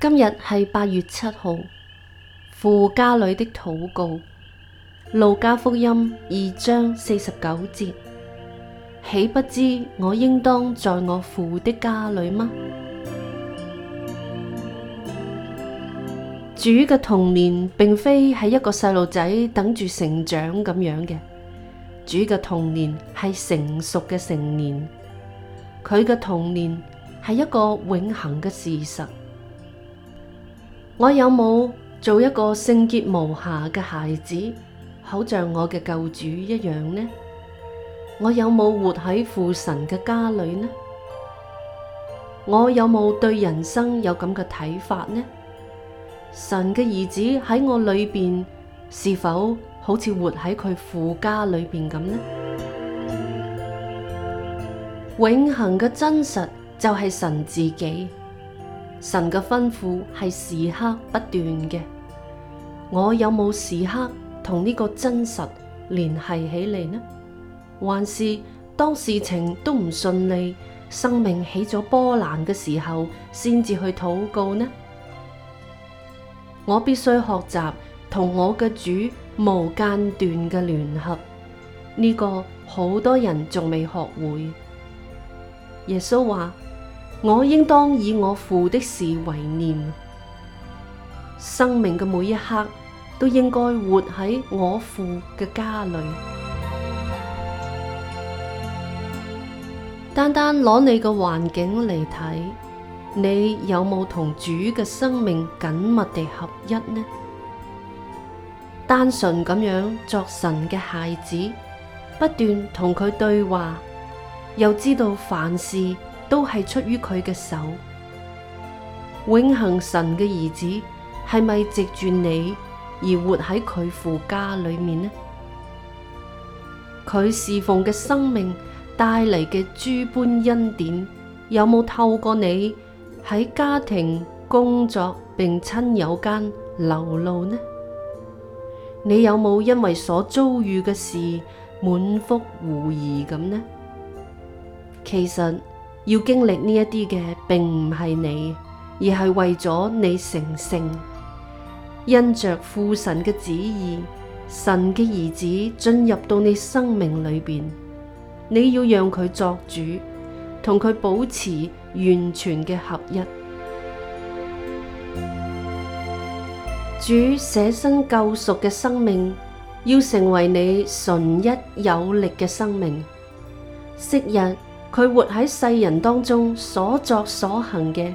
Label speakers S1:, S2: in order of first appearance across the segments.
S1: 今日係八月七號，父家裏的禱告，路加福音二章四十九節，豈不知我應當在我父的家裏嗎？主嘅童年並非係一個細路仔等住成長咁樣嘅，主嘅童年係成熟嘅成年，佢嘅童年係一個永恆嘅事實。我有冇做一個聖潔無瑕嘅孩子，好像我嘅救主一樣呢？我有冇活喺父神嘅家裏呢？我有冇對人生有咁嘅睇法呢？神嘅兒子喺我裏邊，是否好似活喺佢父家裏邊咁呢？永恒嘅真實就係神自己。神嘅吩咐係時刻不斷嘅，我有冇時刻同呢個真實聯繫起嚟呢？還是當事情都唔順利，生命起咗波瀾嘅時候，先至去禱告呢？我必須學習同我嘅主無間斷嘅聯合，呢個好多人仲未學會。耶穌話。我應當以我父的事為念，生命嘅每一刻都應該活喺我父嘅家裏。單單攞你嘅環境嚟睇，你有冇同主嘅生命緊密地合一呢？單純咁樣作神嘅孩子，不斷同佢對話，又知道凡事。都係出於佢嘅手，永恆神嘅兒子係咪藉住你而活喺佢父家裏面呢？佢侍奉嘅生命帶嚟嘅諸般恩典，有冇透過你喺家庭、工作並親友間流露呢？你有冇因為所遭遇嘅事滿腹狐疑咁呢？其實。要經歷呢一啲嘅，並唔係你，而係為咗你成聖，因着父神嘅旨意，神嘅兒子進入到你生命裏邊，你要讓佢作主，同佢保持完全嘅合一。 主捨身救贖嘅生命，要成為你純一有力嘅生命。昔日。佢活喺世人當中所作所行嘅，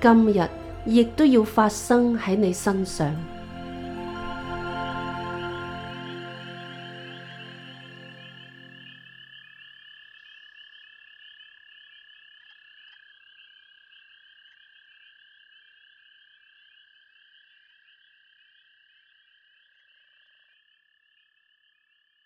S1: 今日亦都要發生喺你身上。